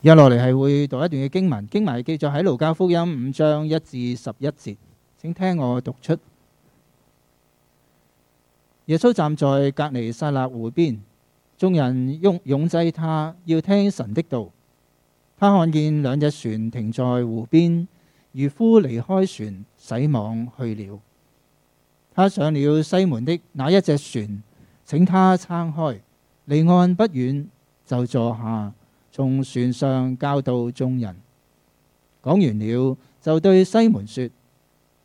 接落嚟係會讀一段嘅經文，經文係記載喺《路加福音》五章一至十一節，請聽我讀出。耶穌站在革尼撒勒湖邊，眾人擁擁擠他要聽神的道。他看見兩隻船停在湖邊，漁夫離開船洗網去了。他上了西門的那一隻船，請他撐開，離岸不遠就坐下。從船上教導眾人，講完了就對西門說：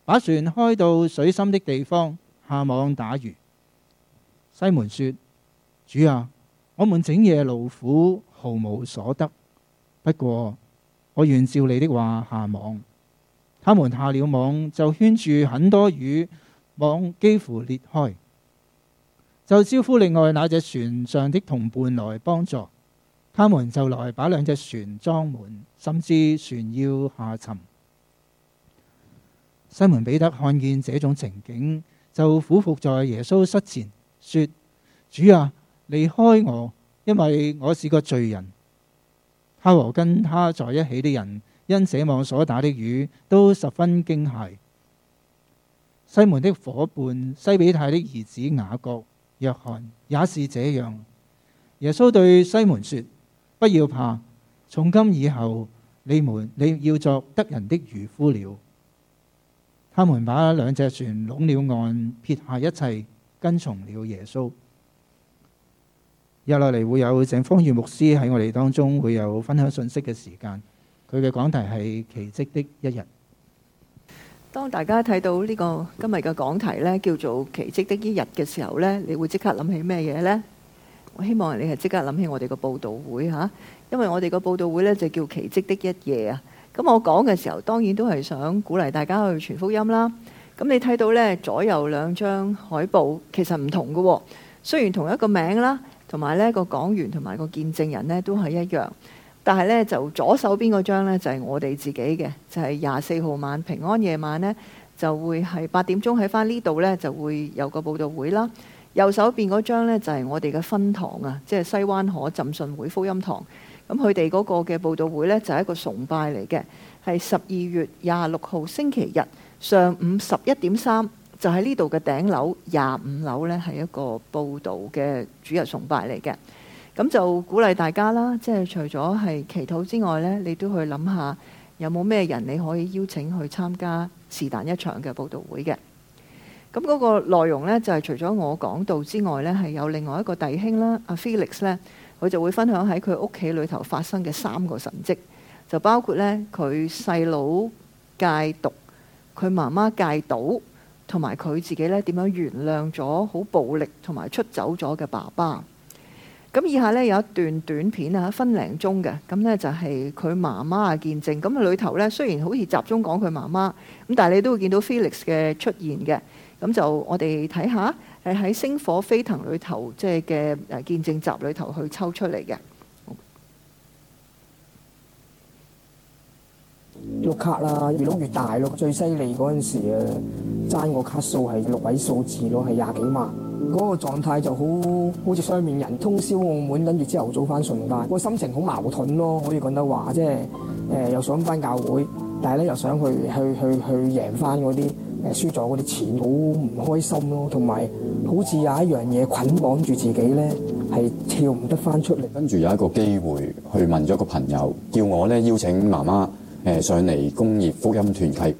把船開到水深的地方，下網打魚。西門說：主啊，我們整夜勞苦，毫無所得。不過我願照你的話下網。他們下了網，就圈住很多魚，網幾乎裂開。就招呼另外那隻船上的同伴來幫助。他們就來把兩隻船裝滿，甚至船要下沉。西門彼得看見這種情景，就俯伏在耶穌膝前說：主啊，離開我，因為我是個罪人。他和跟他在一起的人因這網所打的魚都十分驚駭。西門的夥伴西比泰的兒子雅各、約翰也是這樣。耶穌對西門說。不要怕，從今以後，你們你要作得人的漁夫了。他們把兩隻船攏了岸，撇下一切，跟從了耶穌。入落嚟會有井方如牧師喺我哋當中會有分享信息嘅時間，佢嘅講題係奇迹的一日。當大家睇到呢個今日嘅講題呢，叫做奇迹的一日嘅時候呢，你會即刻諗起咩嘢呢？我希望你係即刻諗起我哋個報導會嚇、啊，因為我哋個報導會呢就叫《奇蹟的一夜》啊。咁我講嘅時候，當然都係想鼓勵大家去傳福音啦。咁你睇到呢左右兩張海報，其實唔同嘅喎、哦。雖然同一個名啦，同埋呢個講員同埋個見證人呢都係一樣，但係呢就左手邊嗰張呢就係、是、我哋自己嘅，就係廿四號晚平安夜晚呢就會係八點鐘喺翻呢度呢就會有個報導會啦。右手邊嗰張呢就係我哋嘅分堂啊，即係西灣河浸信會福音堂。咁佢哋嗰個嘅報道會呢，就係一個崇拜嚟嘅，係十二月廿六號星期日上午十一點三，就喺呢度嘅頂樓廿五樓呢，係一個報道嘅主日崇拜嚟嘅。咁就鼓勵大家啦，即係除咗係祈禱之外呢，你都去諗下有冇咩人你可以邀請去參加是但一場嘅報道會嘅。咁嗰個內容呢，就係、是、除咗我講到之外呢，係有另外一個弟兄啦，阿、啊、Felix 呢。佢就會分享喺佢屋企裏頭發生嘅三個神跡，就包括呢，佢細佬戒毒，佢媽媽戒賭，同埋佢自己呢，點樣原諒咗好暴力同埋出走咗嘅爸爸。咁以下呢，有一段短片啊，分零鐘嘅，咁呢，就係佢媽媽嘅見證。咁裏頭呢，雖然好似集中講佢媽媽，咁但係你都會見到 Felix 嘅出現嘅。咁就我哋睇下，喺《星火飛騰》裏頭，即係嘅見證集裏頭去抽出嚟嘅，碌卡啦，越碌越大，碌最犀利嗰陣時啊，爭個卡數係六位數字咯，係廿幾萬，嗰、嗰個狀態就好，好似雙面人通宵澳門，跟住之後早翻順帶，那個心情好矛盾咯，可以講得話，即係誒、呃、又想翻教會，但係咧又想去去去去贏翻嗰啲。輸咗嗰啲錢，好唔開心咯，同埋好似有一樣嘢捆綁住自己咧，係跳唔得翻出嚟。跟住有一個機會去問咗個朋友，叫我咧邀請媽媽誒、呃、上嚟工業福音團契。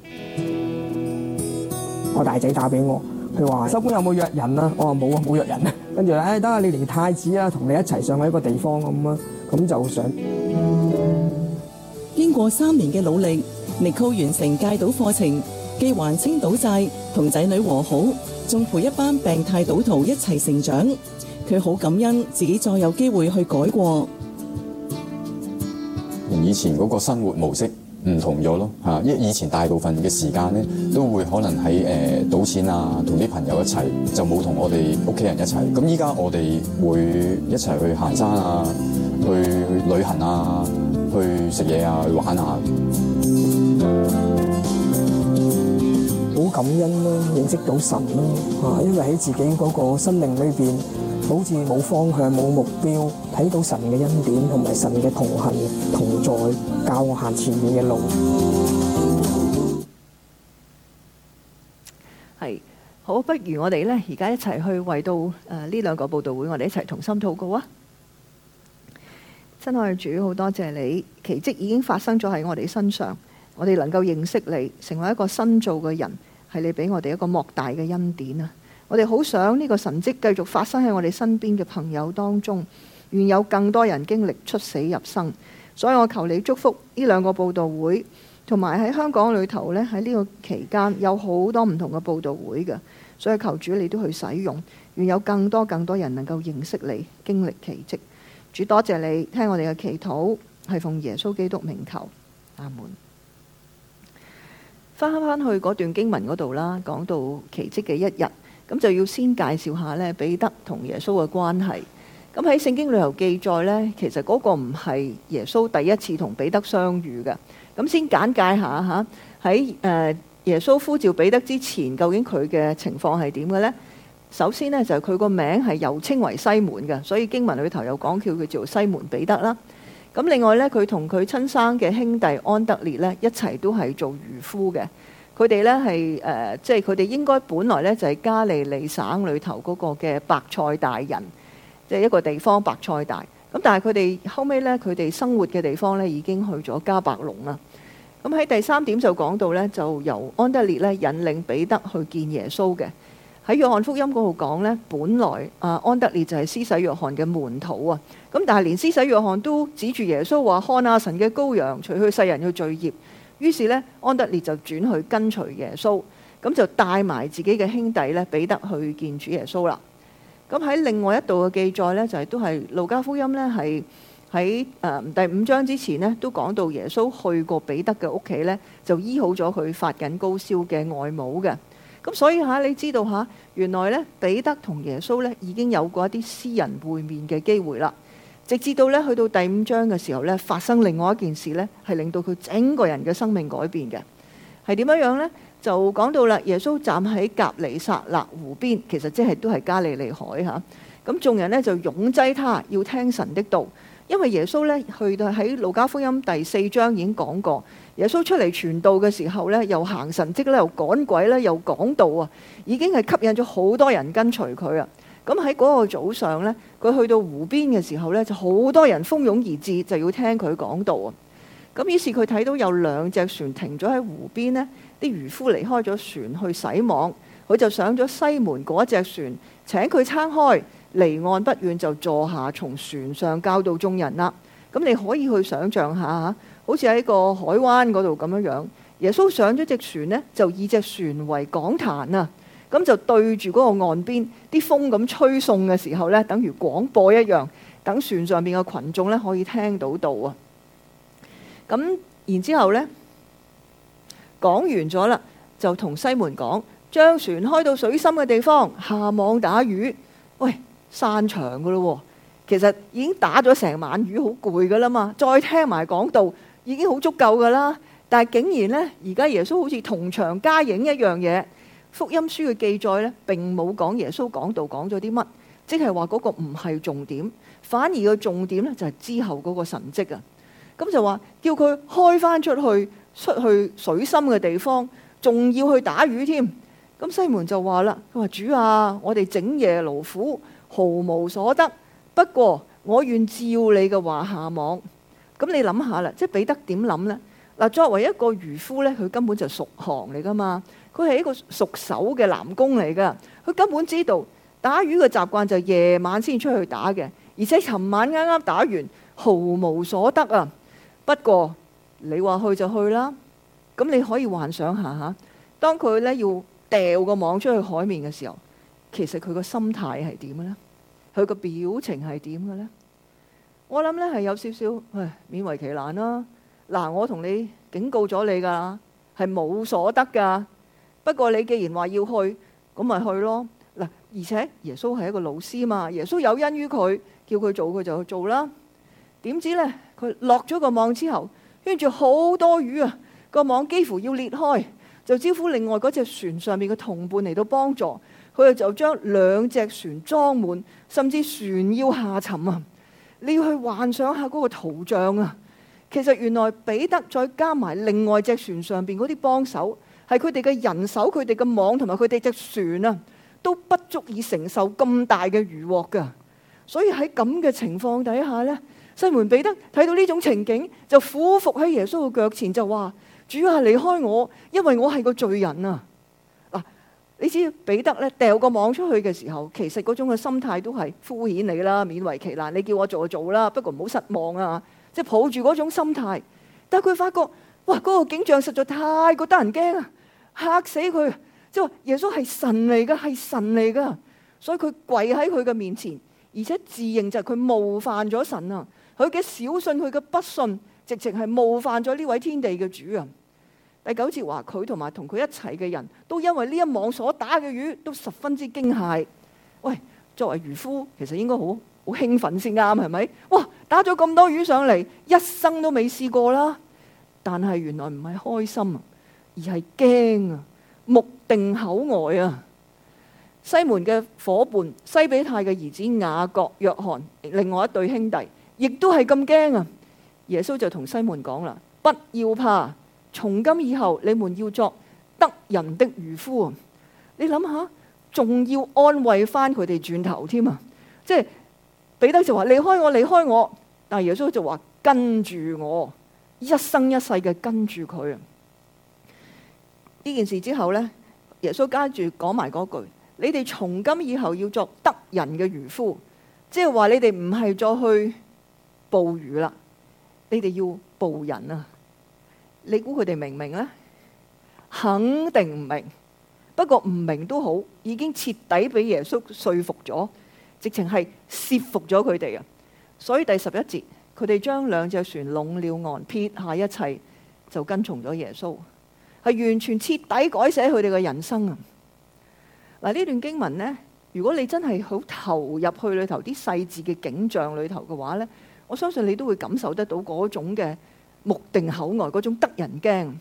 我大仔打俾我，佢話收工有冇約人啊？我話冇啊，冇約人啊。跟住咧，等下你連太子啊，同你一齊上去一個地方咁啊，咁就想經過三年嘅努力，Nicole 完成戒賭課程。既還清賭債，同仔女和好，仲陪一班病態賭徒一齊成長，佢好感恩，自己再有機會去改過。以前嗰個生活模式唔同咗咯，嚇！因為以前大部分嘅時間咧，都會可能喺誒賭錢啊，同啲朋友一齊，就冇同我哋屋企人一齊。咁依家我哋會一齊去行山啊，去旅行啊，去食嘢啊，去玩啊。好感恩啦，認識到神啦，啊，因為喺自己嗰個心靈裏邊好似冇方向、冇目標，睇到神嘅恩典同埋神嘅同行同在，教我行前面嘅路。係好，不如我哋呢，而家一齊去為到誒呢兩個佈道會，我哋一齊同心禱告啊！親愛主，好多謝你，奇蹟已經發生咗喺我哋身上。我哋能夠認識你，成為一個新造嘅人，係你俾我哋一個莫大嘅恩典啊！我哋好想呢個神蹟繼續發生喺我哋身邊嘅朋友當中，願有更多人經歷出死入生。所以我求你祝福呢兩個佈道會，同埋喺香港裏頭呢，喺呢個期間有好多唔同嘅佈道會嘅，所以求主你都去使用，願有更多更多人能夠認識你，經歷奇蹟。主多謝你聽我哋嘅祈禱，係奉耶穌基督名求，阿門。翻翻去嗰段經文嗰度啦，講到奇迹嘅一日，咁就要先介紹下呢，彼得同耶穌嘅關係。咁喺聖經裏頭記載呢，其實嗰個唔係耶穌第一次同彼得相遇嘅。咁先簡介一下吓，喺誒耶穌呼召彼得之前，究竟佢嘅情況係點嘅呢？首先呢，就係佢個名係又稱為西門嘅，所以經文裏頭又講叫佢做西門彼得啦。咁另外咧，佢同佢親生嘅兄弟安德烈咧，一齊都係做漁夫嘅。佢哋咧係誒，即係佢哋應該本來咧就係加利利省裏頭嗰個嘅白菜大人，即係一個地方白菜大。咁但係佢哋後尾咧，佢哋生活嘅地方咧已經去咗加白龍啦。咁喺第三點就講到咧，就由安德烈咧引領彼得去見耶穌嘅。喺約翰福音嗰度講咧，本來啊安德烈就係施洗約翰嘅門徒啊。咁但係連施洗約翰都指住耶穌話：看阿神嘅羔羊，除去世人嘅罪孽。於是呢，安德烈就轉去跟隨耶穌，咁就帶埋自己嘅兄弟咧彼得去見主耶穌啦。咁喺另外一度嘅記載呢，就係、係、都係路加福音呢，係喺、呃、第五章之前呢，都講到耶穌去過彼得嘅屋企呢，就醫好咗佢發緊高燒嘅外母嘅。咁所以吓，你知道下，原來呢，彼得同耶穌呢，已經有過一啲私人會面嘅機會啦。直至到咧去到第五章嘅時候咧，發生另外一件事咧，係令到佢整個人嘅生命改變嘅，係點樣樣呢？就講到啦，耶穌站喺革尼撒勒湖邊，其實即係都係加利利海嚇。咁眾人咧就擁擠他，要聽神的道，因為耶穌咧去到喺《路加福音》第四章已經講過，耶穌出嚟傳道嘅時候咧，又行神跡咧，又趕鬼咧，又講道啊，已經係吸引咗好多人跟隨佢啊。咁喺嗰個早上呢，佢去到湖邊嘅時候呢，就好多人蜂擁而至，就要聽佢講道啊！咁於是佢睇到有兩隻船停咗喺湖邊，呢啲漁夫離開咗船去洗網，佢就上咗西門嗰隻船，請佢撐開，離岸不遠就坐下，從船上教導眾人啦。咁你可以去想像下，好似喺個海灣嗰度咁樣，耶穌上咗隻船呢，就以隻船為講壇啊！咁就對住嗰個岸邊，啲風咁吹送嘅時候呢，等於廣播一樣，等船上邊嘅群眾呢，可以聽到到啊。咁然之後呢，講完咗啦，就同西門講，將船開到水深嘅地方，下網打魚。喂，散場噶啦喎，其實已經打咗成晚魚，好攰噶啦嘛，再聽埋講道已經好足夠噶啦。但係竟然呢，而家耶穌好似同場加映一樣嘢。福音書嘅記載呢，並冇講耶穌講道講咗啲乜，即係話嗰個唔係重點，反而個重點呢，就係之後嗰個神跡啊。咁就話叫佢開返出去，出去水深嘅地方，仲要去打魚添。咁西門就話啦，佢話主啊，我哋整夜勞苦，毫無所得。不過我願照你嘅話下網。咁你諗下啦，即係彼得點諗呢？嗱，作為一個漁夫呢，佢根本就熟行嚟㗎嘛，佢係一個熟手嘅漁工嚟㗎，佢根本知道打魚嘅習慣就夜晚先出去打嘅，而且尋晚啱啱打完，毫無所得啊。不過你話去就去啦，咁你可以幻想一下嚇，當佢呢要掉個網出去海面嘅時候，其實佢個心態係點嘅呢？佢個表情係點嘅呢？我諗呢係有少少，唉，勉為其難啦、啊。嗱，我同你警告咗你噶，係冇所得噶。不過你既然話要去，咁咪去咯。嗱，而且耶穌係一個老師嘛，耶穌有恩於佢，叫佢做佢就去做啦。點知呢，佢落咗個網之後，跟住好多魚啊，個網幾乎要裂開，就招呼另外嗰隻船上面嘅同伴嚟到幫助。佢哋就將兩隻船裝滿，甚至船要下沉啊！你要去幻想下嗰個圖像啊！其實原來彼得再加埋另外隻船上邊嗰啲幫手，係佢哋嘅人手、佢哋嘅網同埋佢哋隻船啊，都不足以承受咁大嘅漁獲噶。所以喺咁嘅情況底下呢，西門彼得睇到呢種情景，就俯伏喺耶穌嘅腳前，就話：主啊，離開我，因為我係個罪人啊！嗱，你知彼得咧掉個網出去嘅時候，其實嗰種嘅心態都係敷衍你啦，勉為其難，你叫我做就做啦，不過唔好失望啊！即係抱住嗰種心態，但係佢發覺，哇！嗰個景象實在太過得人驚啊，嚇死佢！即係話耶穌係神嚟噶，係神嚟噶，所以佢跪喺佢嘅面前，而且自認就係佢冒犯咗神啊！佢嘅小信，佢嘅不信，直情係冒犯咗呢位天地嘅主人。第九節話佢同埋同佢一齊嘅人都因為呢一網所打嘅魚都十分之驚嚇。喂，作為漁夫，其實應該好，好興奮先啱，係咪？哇！打咗咁多魚上嚟，一生都未試過啦。但係原來唔係開心，而係驚啊！目定口呆啊！西門嘅夥伴西比泰嘅兒子雅各、約翰，另外一對兄弟，亦都係咁驚啊！耶穌就同西門講啦：「不要怕，從今以後你們要作得人的漁夫啊！」你諗下，仲要安慰翻佢哋轉頭添啊！即係。彼得就話離開我，離開我。但耶穌就話跟住我，一生一世嘅跟住佢。呢件事之後呢，耶穌加住講埋嗰句：你哋從今以後要作得人嘅漁夫，即係話你哋唔係再去捕魚啦，你哋要捕人啊！你估佢哋明唔明呢？肯定唔明。不過唔明都好，已經徹底俾耶穌說服咗，直情係。說服咗佢哋啊！所以第十一節，佢哋將兩隻船攏了岸，撇下一切，就跟從咗耶穌，係完全徹底改寫佢哋嘅人生啊！嗱，呢段經文呢，如果你真係好投入去裏頭啲細緻嘅景象裏頭嘅話呢，我相信你都會感受得到嗰種嘅目定口呆，嗰種得人驚。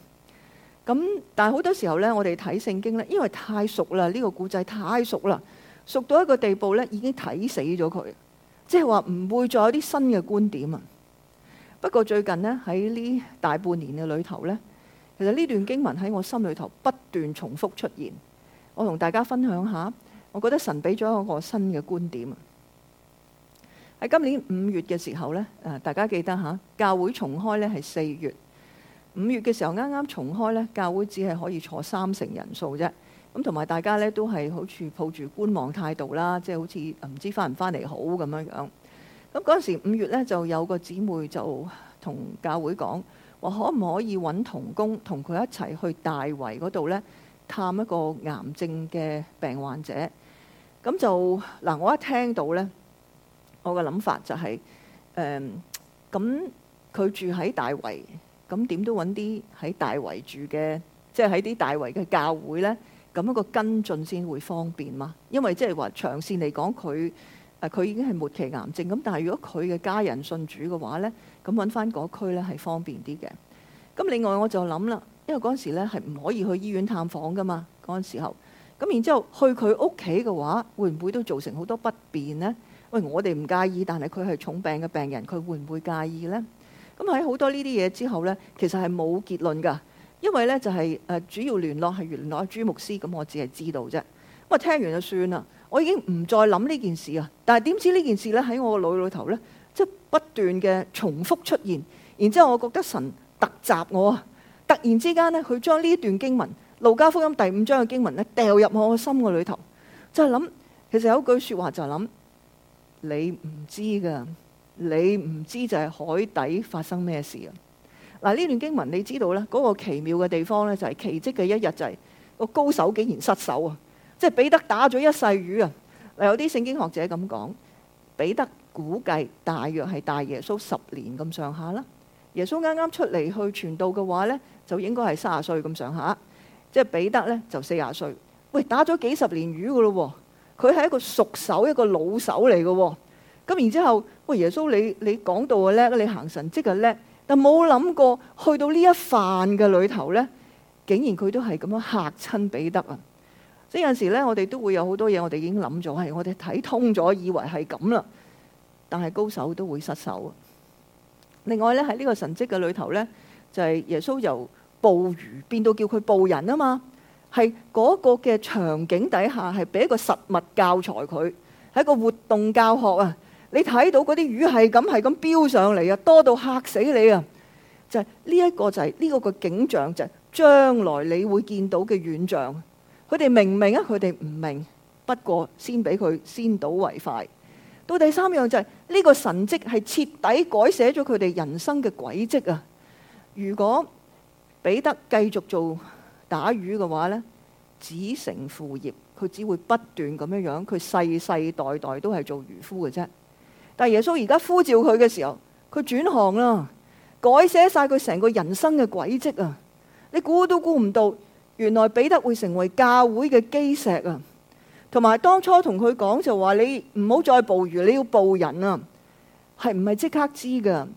咁但係好多時候呢，我哋睇聖經呢，因為太熟啦，呢個故仔太熟啦。熟到一個地步呢，已經睇死咗佢，即係話唔會再有啲新嘅觀點啊。不過最近呢，喺呢大半年嘅裏頭呢，其實呢段經文喺我心裏頭不斷重複出現。我同大家分享下，我覺得神俾咗一個新嘅觀點。喺今年五月嘅時候呢，誒，大家記得吓，教會重開呢係四月，五月嘅時候啱啱重開呢，教會只係可以坐三成人數啫。咁同埋，大家咧都係好似抱住觀望態度啦，即係好似唔知翻唔翻嚟好咁樣樣。咁嗰陣時五月咧，就有個姊妹就同教會講話，可唔可以揾同工同佢一齊去大圍嗰度咧探一個癌症嘅病患者。咁就嗱，我一聽到呢，我嘅諗法就係誒咁佢住喺大圍，咁點都揾啲喺大圍住嘅，即係喺啲大圍嘅教會呢。」咁一個跟進先會方便嘛？因為即係話長線嚟講，佢誒佢已經係末期癌症咁。但係如果佢嘅家人信主嘅話呢，咁揾翻嗰區呢係方便啲嘅。咁另外我就諗啦，因為嗰陣時咧係唔可以去醫院探訪㗎嘛，嗰陣時候。咁然之後去佢屋企嘅話，會唔會都造成好多不便呢？喂，我哋唔介意，但係佢係重病嘅病人，佢會唔會介意呢？咁喺好多呢啲嘢之後呢，其實係冇結論㗎。因為咧就係誒主要聯絡係原來阿朱牧師，咁我只係知道啫。咁啊聽完就算啦，我已經唔再諗呢件事啊。但係點知呢件事咧喺我個腦裏頭咧，即係不斷嘅重複出現。然之後我覺得神突襲我啊！突然之間咧，佢將呢段經文《路加福音》第五章嘅經文咧掉入我個心個裏頭，就係、是、諗其實有句説話就係諗你唔知㗎，你唔知，道的你不知道就係海底發生咩事啊！嗱，呢段經文你知道呢嗰、那個奇妙嘅地方呢，就係奇蹟嘅一日就係、是那個高手竟然失手啊！即係彼得打咗一世魚啊！有啲聖經學者咁講，彼得估計大約係大耶穌十年咁上下啦。耶穌啱啱出嚟去傳道嘅話呢，就應該係三十歲咁上下，即係彼得呢，就四十歲。喂，打咗幾十年魚噶咯喎，佢係一個熟手一個老手嚟嘅喎。咁然之後，喂，耶穌你你講道嘅叻，你行神蹟嘅叻。但冇諗過去到呢一範嘅裏頭呢，竟然佢都係咁樣吓親彼得啊！即係有陣時呢，我哋都會有好多嘢，我哋已經諗咗，係我哋睇通咗，以為係咁啦。但係高手都會失手啊！另外呢，喺呢個神蹟嘅裏頭呢，就係、是、耶穌由捕魚變到叫佢捕人啊嘛，係嗰個嘅場景底下，係俾一個實物教材佢，係一個活動教學啊！你睇到嗰啲魚係咁係咁飆上嚟啊，多到嚇死你啊！就係呢一個就係呢個個景象，就係將來你會見到嘅遠象。佢哋明唔明啊？佢哋唔明，不過先俾佢先睹為快。到第三樣就係呢個神跡係徹底改寫咗佢哋人生嘅軌跡啊！如果彼得繼續做打魚嘅話呢，子承父業，佢只會不斷咁樣樣，佢世世代代都係做漁夫嘅啫。但耶穌而家呼召佢嘅時候，佢轉行啦，改寫晒佢成個人生嘅軌跡啊！你估都估唔到，原來彼得會成為教會嘅基石啊！同埋當初同佢講，就話你唔好再捕魚，你要捕人啊，係唔係即刻知噶？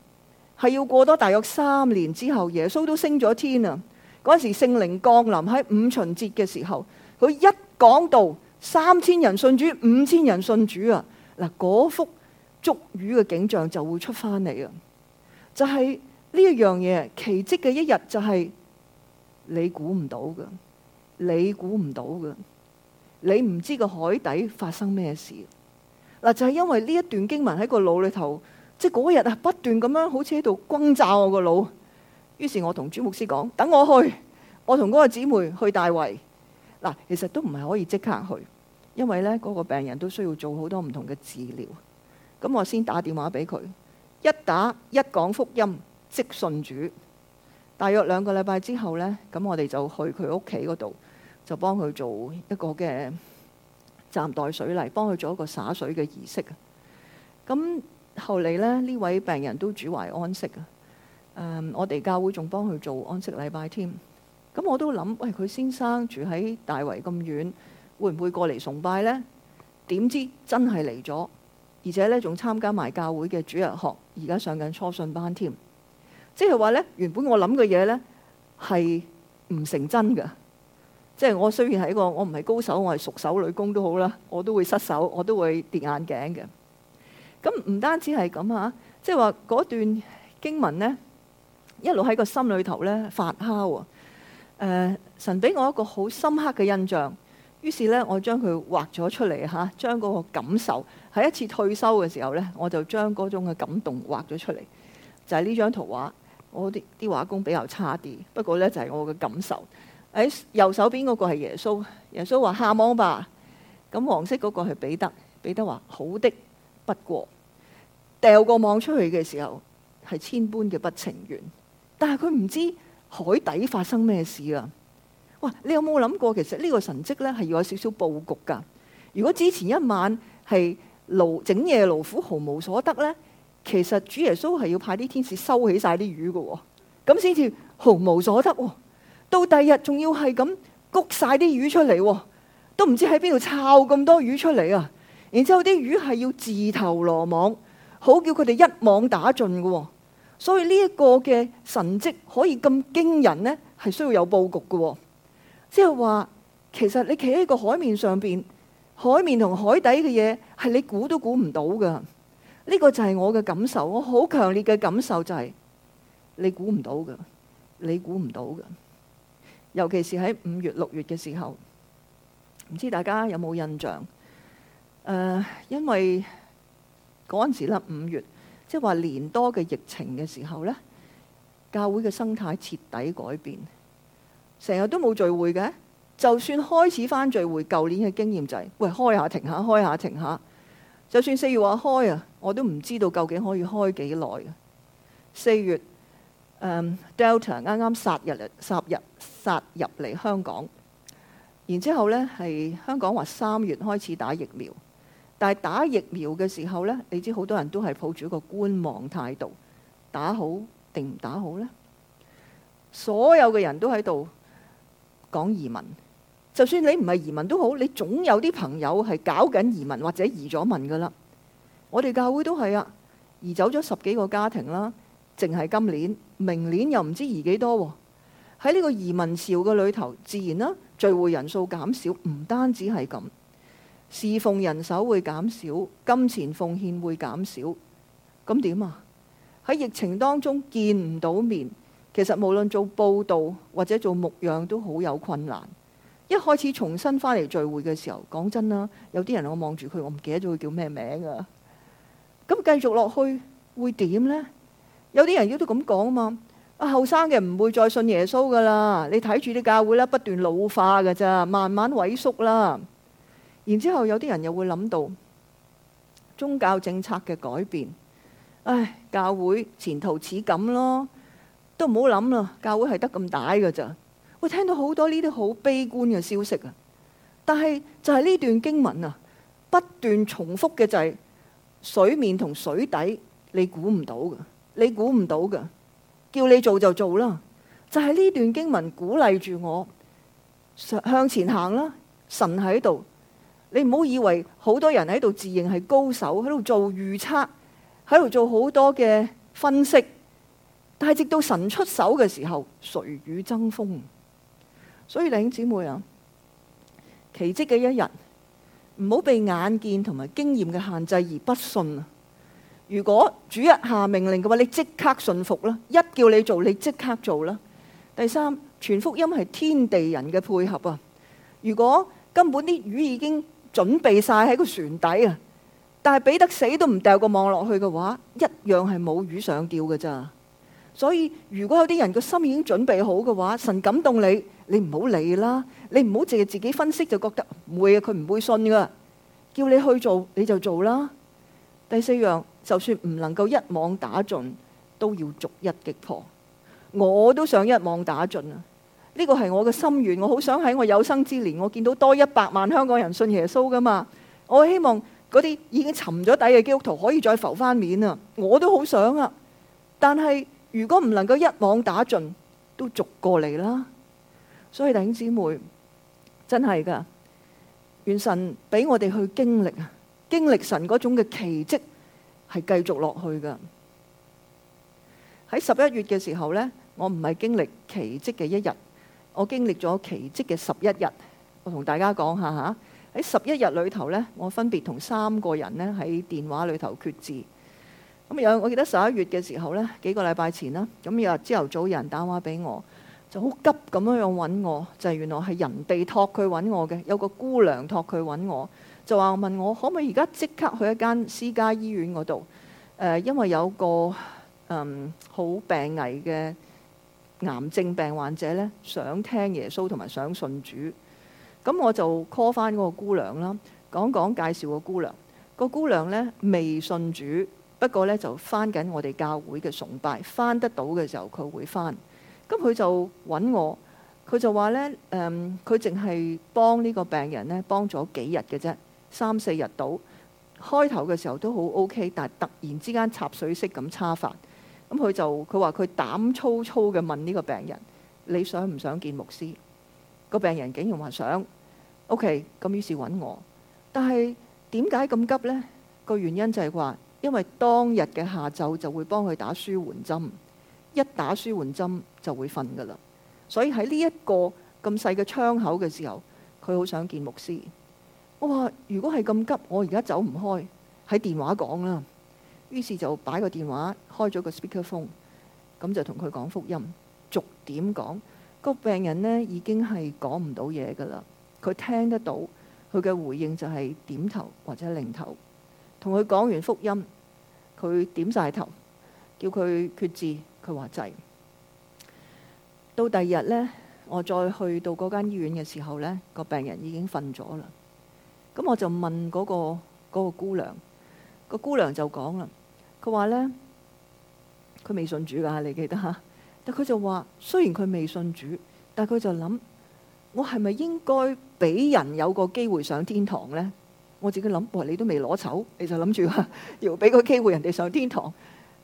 係要過多大約三年之後，耶穌都升咗天啊。嗰時聖靈降臨喺五旬節嘅時候，佢一講到三千人信主，五千人信主啊！嗱，嗰幅。捉魚嘅景象，就會出翻嚟啊！這就係呢一樣嘢，奇蹟嘅一日就係你估唔到嘅，你估唔到嘅，你唔知個海底發生咩事嗱。就係因為呢一段經文喺個腦裏頭，即係嗰日啊，不斷咁樣好似喺度轟炸我個腦。於是我同朱牧師講：等我去，我同嗰個姊妹去大圍嗱。其實都唔係可以即刻去，因為呢嗰個病人都需要做好多唔同嘅治療。咁我先打電話俾佢，一打一講福音即信主。大約兩個禮拜之後呢，咁我哋就去佢屋企嗰度，就幫佢做一個嘅暫代水禮，幫佢做一個灑水嘅儀式啊。咁後嚟呢，呢位病人都主懷安息啊。我哋教會仲幫佢做安息禮拜添。咁我都諗，喂，佢先生住喺大圍咁遠，會唔會過嚟崇拜呢？點知真係嚟咗。而且咧仲參加埋教會嘅主日學，而家上緊初信班添，即係話呢，原本我諗嘅嘢呢係唔成真嘅，即係我雖然係一個我唔係高手，我係熟手女工都好啦，我都會失手，我都會跌眼鏡嘅。咁唔單止係咁啊，即係話嗰段經文呢，一路喺個心裡頭呢發酵啊！誒、呃，神俾我一個好深刻嘅印象。於是呢，我將佢畫咗出嚟嚇，將、啊、嗰個感受喺一次退休嘅時候呢，我就將嗰種嘅感動畫咗出嚟，就係呢張圖畫。我啲啲畫工比較差啲，不過呢，就係、是、我嘅感受。喺右手邊嗰個係耶穌，耶穌話下網吧。咁黃色嗰個係彼得，彼得話好的，不過掉個網出去嘅時候係千般嘅不情願，但係佢唔知海底發生咩事啊！你有冇諗過？其實呢個神蹟咧，係要有少少布局噶如果之前一晚係勞整夜勞苦，毫無所得咧，其實主耶穌係要派啲天使收起晒啲魚噶、哦，咁先至毫無所得、哦。到第二日仲要係咁谷晒啲魚出嚟、哦，都唔知喺邊度抄咁多魚出嚟啊。然之後啲魚係要自投羅網，好叫佢哋一網打盡噶、哦。所以呢一個嘅神蹟可以咁驚人咧，係需要有布局噶、哦。即係話，其實你企喺個海面上邊，海面同海底嘅嘢係你估都估唔到噶。呢個就係我嘅感受，我好強烈嘅感受就係你估唔到噶，你估唔到噶。尤其是喺五月、六月嘅時候，唔知大家有冇印象？誒、呃，因為嗰陣時咧五月，即係話年多嘅疫情嘅時候呢，教會嘅生態徹底改變。成日都冇聚會嘅，就算開始返聚會，舊年嘅經驗就係：喂，開下停下，開下停下。就算四月話開啊，我都唔知道究竟可以開幾耐。四月，um，Delta 啱啱殺入嚟，殺入殺入嚟香港，然之後呢，係香港話三月開始打疫苗，但係打疫苗嘅時候呢，你知好多人都係抱住一個觀望態度，打好定唔打好呢？所有嘅人都喺度。講移民，就算你唔係移民都好，你總有啲朋友係搞緊移民或者移咗民噶啦。我哋教會都係啊，移走咗十幾個家庭啦，淨係今年，明年又唔知移幾多喎。喺呢個移民潮嘅裏頭，自然啦、啊，聚會人數減少，唔單止係咁，侍奉人手會減少，金錢奉獻會減少，咁點啊？喺疫情當中見唔到面。其實無論做報道或者做牧養都好有困難。一開始重新翻嚟聚會嘅時候，講真啦，有啲人我望住佢，我唔記得咗佢叫咩名啊。咁繼續落去會點呢？有啲人亦都咁講啊嘛。啊，後生嘅唔會再信耶穌噶啦。你睇住啲教會咧，不斷老化噶咋，慢慢萎縮啦。然之後有啲人又會諗到宗教政策嘅改變。唉，教會前途似錦咯。都唔好諗啦，教會係得咁大噶咋？我聽到好多呢啲好悲觀嘅消息啊！但係就係呢段經文啊，不斷重複嘅就係水面同水底，你估唔到㗎，你估唔到噶，叫你做就做啦。就係呢段經文鼓勵住我向前行啦。神喺度，你唔好以為好多人喺度自認係高手，喺度做預測，喺度做好多嘅分析。但係，直到神出手嘅時候，誰與爭鋒？所以，弟兄姊妹啊，奇蹟嘅一日唔好被眼見同埋經驗嘅限制而不信啊。如果主一下命令嘅話，你即刻信服啦。一叫你做，你即刻做啦。第三，全福音係天地人嘅配合啊。如果根本啲魚已經準備晒喺個船底啊，但係彼得死都唔掉個網落去嘅話，一樣係冇魚上釣嘅咋。所以，如果有啲人個心已經準備好嘅話，神感動你，你唔好理啦。你唔好淨係自己分析就覺得唔會啊，佢唔會信噶。叫你去做你就做啦。第四樣，就算唔能夠一網打盡，都要逐一擊破。我都想一網打盡啊！呢個係我嘅心願，我好想喺我有生之年，我見到多一百萬香港人信耶穌噶嘛。我希望嗰啲已經沉咗底嘅基督徒可以再浮翻面啊！我都好想啊，但係。如果唔能夠一網打盡，都逐過嚟啦。所以弟兄姊妹，真係噶，願神俾我哋去經歷啊！經歷神嗰種嘅奇蹟係繼續落去噶。喺十一月嘅時候呢，我唔係經歷奇蹟嘅一日，我經歷咗奇蹟嘅十一日。我同大家講下嚇，喺十一日裏頭呢，我分別同三個人呢喺電話裏頭決志。咁又我記得十一月嘅時候咧，幾個禮拜前啦，咁又朝頭早有人打電話俾我，就好急咁樣樣揾我，就係、原來係人哋託佢揾我嘅，有個姑娘託佢揾我，就話問我可唔可以而家即刻去一間私家醫院嗰度、呃、因為有個好、嗯、病危嘅癌症病患者呢，想聽耶穌同埋想信主，咁我就 call 翻嗰個姑娘啦，講講介紹個姑娘、個姑娘呢，未信主。不過呢，就翻緊我哋教會嘅崇拜，翻得到嘅時候佢會翻。咁佢就揾我，佢就話呢，誒，佢淨係幫呢個病人呢，幫咗幾日嘅啫，三四日到。開頭嘅時候都好 OK，但係突然之間插水式咁差法。咁佢就佢話佢膽粗粗嘅問呢個病人：你想唔想見牧師？個病人竟然話想 OK。咁、OK，於是揾我，但係點解咁急呢？個原因就係話。因為當日嘅下晝就會幫佢打舒緩針，一打舒緩針就會瞓噶啦。所以喺呢一個咁細嘅窗口嘅時候，佢好想見牧師。我話：如果係咁急，我而家走唔開，喺電話講啦。於是就擺個電話，開咗個 speakerphone，咁就同佢講福音，逐點講。個病人呢已經係講唔到嘢噶啦，佢聽得到，佢嘅回應就係點頭或者擰頭。同佢講完福音，佢點晒頭，叫佢決志，佢話制。到第二日呢，我再去到嗰間醫院嘅時候呢，個病人已經瞓咗啦。咁我就問嗰、嗰個、嗰個姑娘，嗰個姑娘就講啦，佢話呢，佢未信主噶，你記得吓？但佢就話，雖然佢未信主，但佢就諗，我係咪應該俾人有個機會上天堂呢？」我自己諗，你都未攞籌，你就諗住要俾個機會人哋上天堂。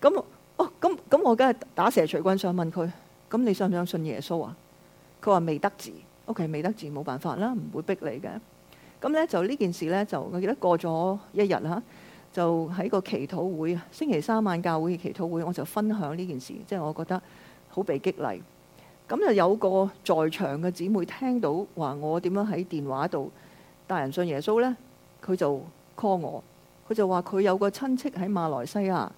咁咁咁我梗係打蛇隨棍上，問、嗯、佢：，咁你想唔想信耶穌啊？佢話未得字，OK，未得字冇辦法啦，唔會逼你嘅。咁呢就呢件事呢，就，我記得過咗一日啦，就喺個祈禱會，星期三晚教會嘅祈禱會，我就分享呢件事，即、就、係、是、我覺得好被激勵。咁就有個在場嘅姊妹聽到話我點樣喺電話度帶人信耶穌呢？」佢就 call 我，佢就話佢有個親戚喺馬來西亞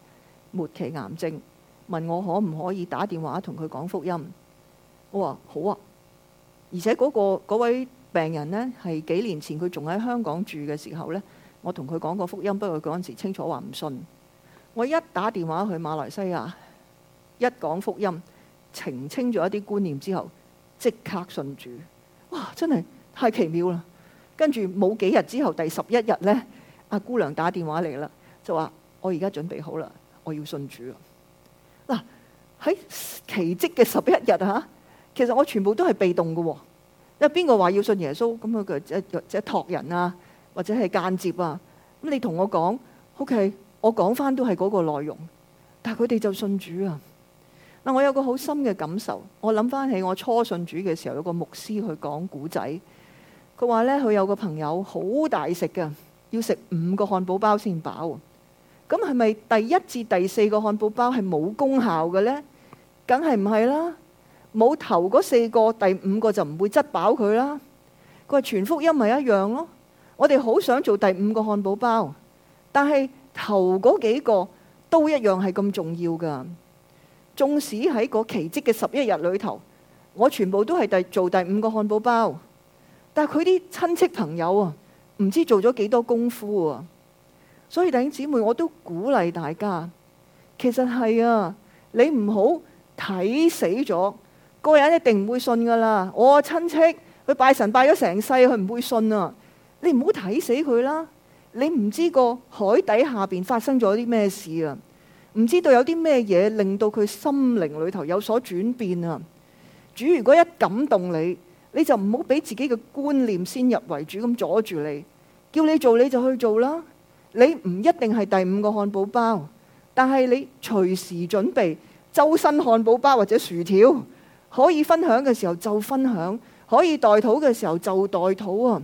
末期癌症，問我可唔可以打電話同佢講福音。我話好啊，而且嗰個嗰位病人呢，係幾年前佢仲喺香港住嘅時候呢，我同佢講過福音，不過嗰陣時清楚話唔信。我一打電話去馬來西亞，一講福音，澄清咗一啲觀念之後，即刻信主。哇，真係太奇妙啦！跟住冇幾日之後，第十一日呢，阿姑娘打電話嚟啦，就話：我而家準備好啦，我要信主。嗱、啊、喺、哎、奇蹟嘅十一日嚇、啊，其實我全部都係被動嘅、哦，因為邊個話要信耶穌咁佢即即託人啊，或者係間接啊，咁你同我講，OK，我講翻都係嗰個內容，但係佢哋就信主啊。嗱，我有個好深嘅感受，我諗翻起我初信主嘅時候，有個牧師去講古仔。佢話咧：佢有個朋友好大食㗎，要食五個漢堡包先飽。咁係咪第一至第四個漢堡包係冇功效嘅呢？梗係唔係啦？冇頭嗰四個，第五個就唔會質飽佢啦。佢話全福音咪一樣咯。我哋好想做第五個漢堡包，但係頭嗰幾個都一樣係咁重要噶。縱使喺個奇蹟嘅十一日裏頭，我全部都係第做第五個漢堡包。但係佢啲親戚朋友啊，唔知做咗幾多功夫啊，所以弟兄姊妹，我都鼓勵大家，其實係啊，你唔好睇死咗，個人一定唔會信噶啦。我親戚佢拜神拜咗成世，佢唔會信啊。你唔好睇死佢啦，你唔知個海底下邊發生咗啲咩事啊，唔知道有啲咩嘢令到佢心靈裏頭有所轉變啊。主如果一感動你。你就唔好俾自己嘅觀念先入為主咁阻住你，叫你做你就去做啦。你唔一定係第五個漢堡包，但係你隨時準備周身漢堡包或者薯條，可以分享嘅時候就分享，可以代禱嘅時候就代禱。啊！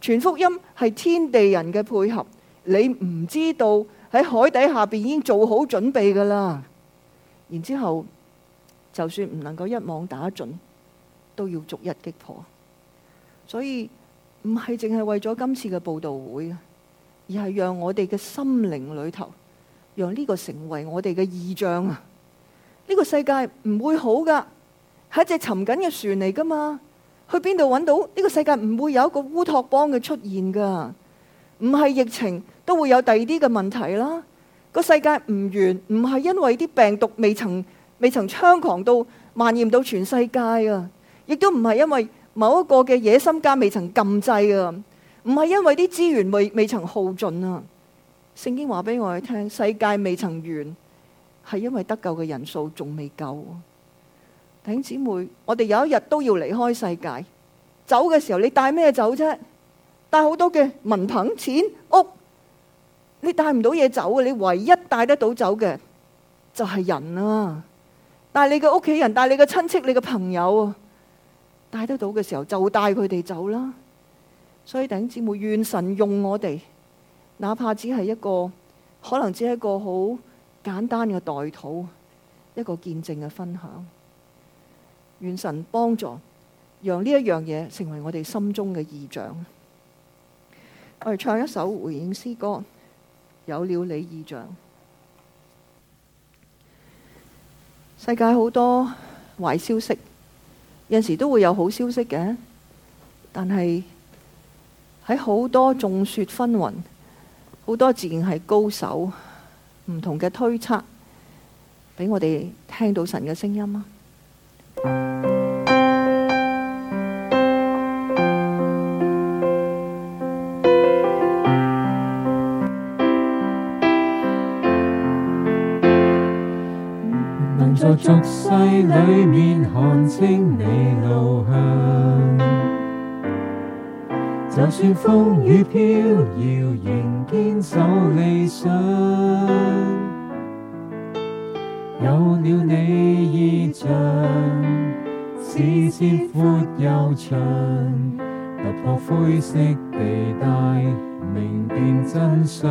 全福音係天地人嘅配合，你唔知道喺海底下面已經做好準備噶啦。然之後就算唔能夠一網打盡。都要逐一擊破，所以唔係淨係為咗今次嘅報道會，而係讓我哋嘅心靈裏頭，讓呢個成為我哋嘅意象啊。呢個世界唔會好噶，係一隻沉緊嘅船嚟噶嘛。去邊度揾到呢個世界唔會有一個烏托邦嘅出現噶？唔係疫情都會有第二啲嘅問題啦。個世界唔完，唔係因為啲病毒未曾未曾猖狂到蔓延到全世界啊。亦都唔係因為某一個嘅野心家未曾禁制啊，唔係因為啲資源未未曾耗盡啊。聖經話俾我哋聽，世界未曾完，係因為得救嘅人數仲未夠。弟兄姊妹，我哋有一日都要離開世界，走嘅時候你帶咩走啫？帶好多嘅文憑、錢、屋，你帶唔到嘢走啊！你唯一帶得到走嘅就係人啦，帶你嘅屋企人，帶你嘅親戚，你嘅朋友啊。帶得到嘅時候就帶佢哋走啦，所以弟兄姊妹，願神用我哋，哪怕只係一個，可能只係一個好簡單嘅代禱，一個見證嘅分享。願神幫助，讓呢一樣嘢，成為我哋心中嘅意象。我哋唱一首回應詩歌，有了你意象，世界好多壞消息。有時都會有好消息嘅，但係喺好多眾說紛紜，好多自然係高手唔同嘅推測，俾我哋聽到神嘅聲音啊！在俗世裏面看清你路向，就算風雨飄搖，仍堅守理想。有了你指引，視界闊又長，突破灰色地帶，明辨真相。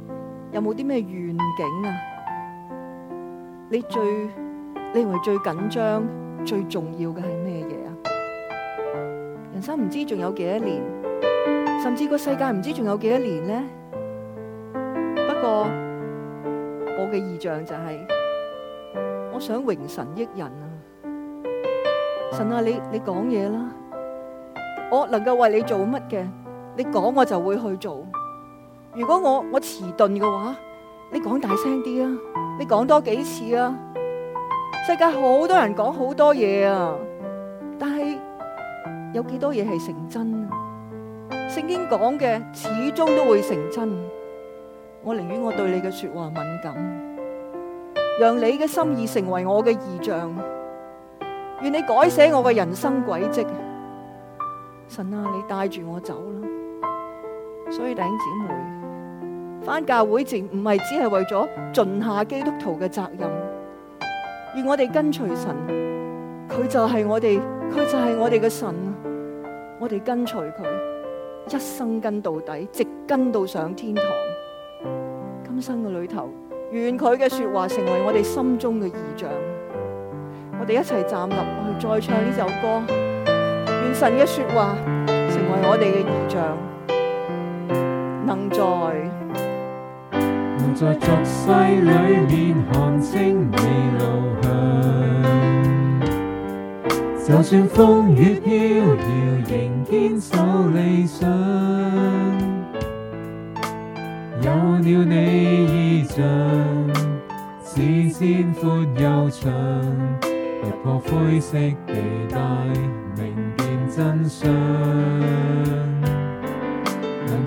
有冇啲咩願景啊？你最，你認為最緊張、最重要嘅係咩嘢啊？人生唔知仲有幾多年，甚至個世界唔知仲有幾多年呢。不過我嘅意象就係，我想榮神益人啊！神啊，你你講嘢啦，我能夠為你做乜嘅，你講我就會去做。如果我我遲鈍嘅話，你講大聲啲啊！你講多幾次啊！世界好多人講好多嘢啊，但係有幾多嘢係成真？聖經講嘅始終都會成真。我寧願我對你嘅說話敏感，讓你嘅心意成為我嘅異象，願你改寫我嘅人生軌跡。神啊，你帶住我走啦！所以弟兄姊妹。返教會前唔係只係為咗盡下基督徒嘅責任，而我哋跟隨神，佢就係我哋，佢就係我哋嘅神。我哋跟隨佢，一生跟到底，直跟到上天堂。今生嘅裏頭，願佢嘅說話成為我哋心中嘅異象。我哋一齊站立去，再唱呢首歌，願神嘅説話成為我哋嘅異象，能在在俗世裏面看清你路向，就算風雨飄搖，仍堅守理想有。有了你意象，視線闊又長，突破灰色地帶，明辨真相。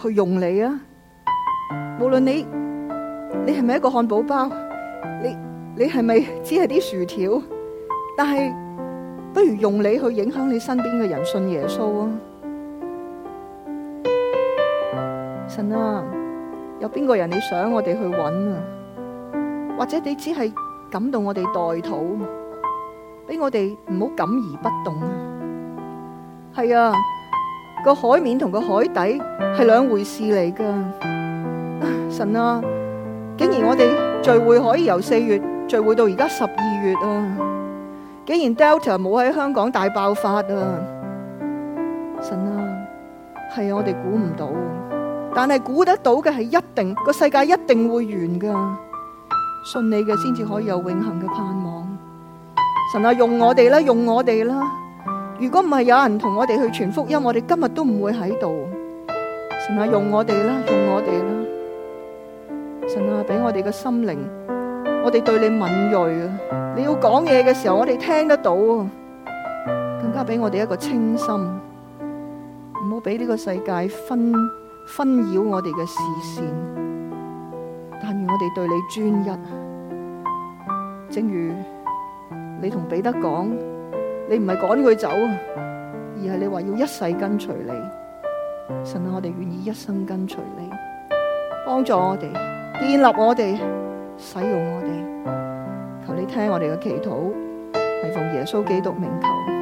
去用你啊！無論你你係咪一個漢堡包，你你係咪只係啲薯條？但係不如用你去影響你身邊嘅人信耶穌啊！神啊，有邊個人你想我哋去揾？啊？或者你只係感動我哋代禱，俾我哋唔好感而不動啊！係啊！個海面同個海底係兩回事嚟噶。啊，神啊！竟然我哋聚會可以由四月聚會到而家十二月啊！竟然 Delta 冇喺香港大爆發啊！神啊，係啊，我哋估唔到，但係估得到嘅係一定個世界一定會完噶。信你嘅先至可以有永恆嘅盼望，神啊，用我哋啦，用我哋啦！如果唔係有人同我哋去傳福音，我哋今日都唔會喺度。神啊，用我哋啦，用我哋啦。神啊，俾我哋嘅心靈，我哋對你敏銳啊！你要講嘢嘅時候，我哋聽得到，更加俾我哋一個清心，唔好俾呢個世界紛紛擾我哋嘅視線。但願我哋對你專一，正如你同彼得講。你唔係趕佢走，而係你話要一世跟隨你。神啊，我哋願意一生跟隨你，幫助我哋，建立我哋，使用我哋。求你聽我哋嘅祈禱，係奉耶穌基督名求。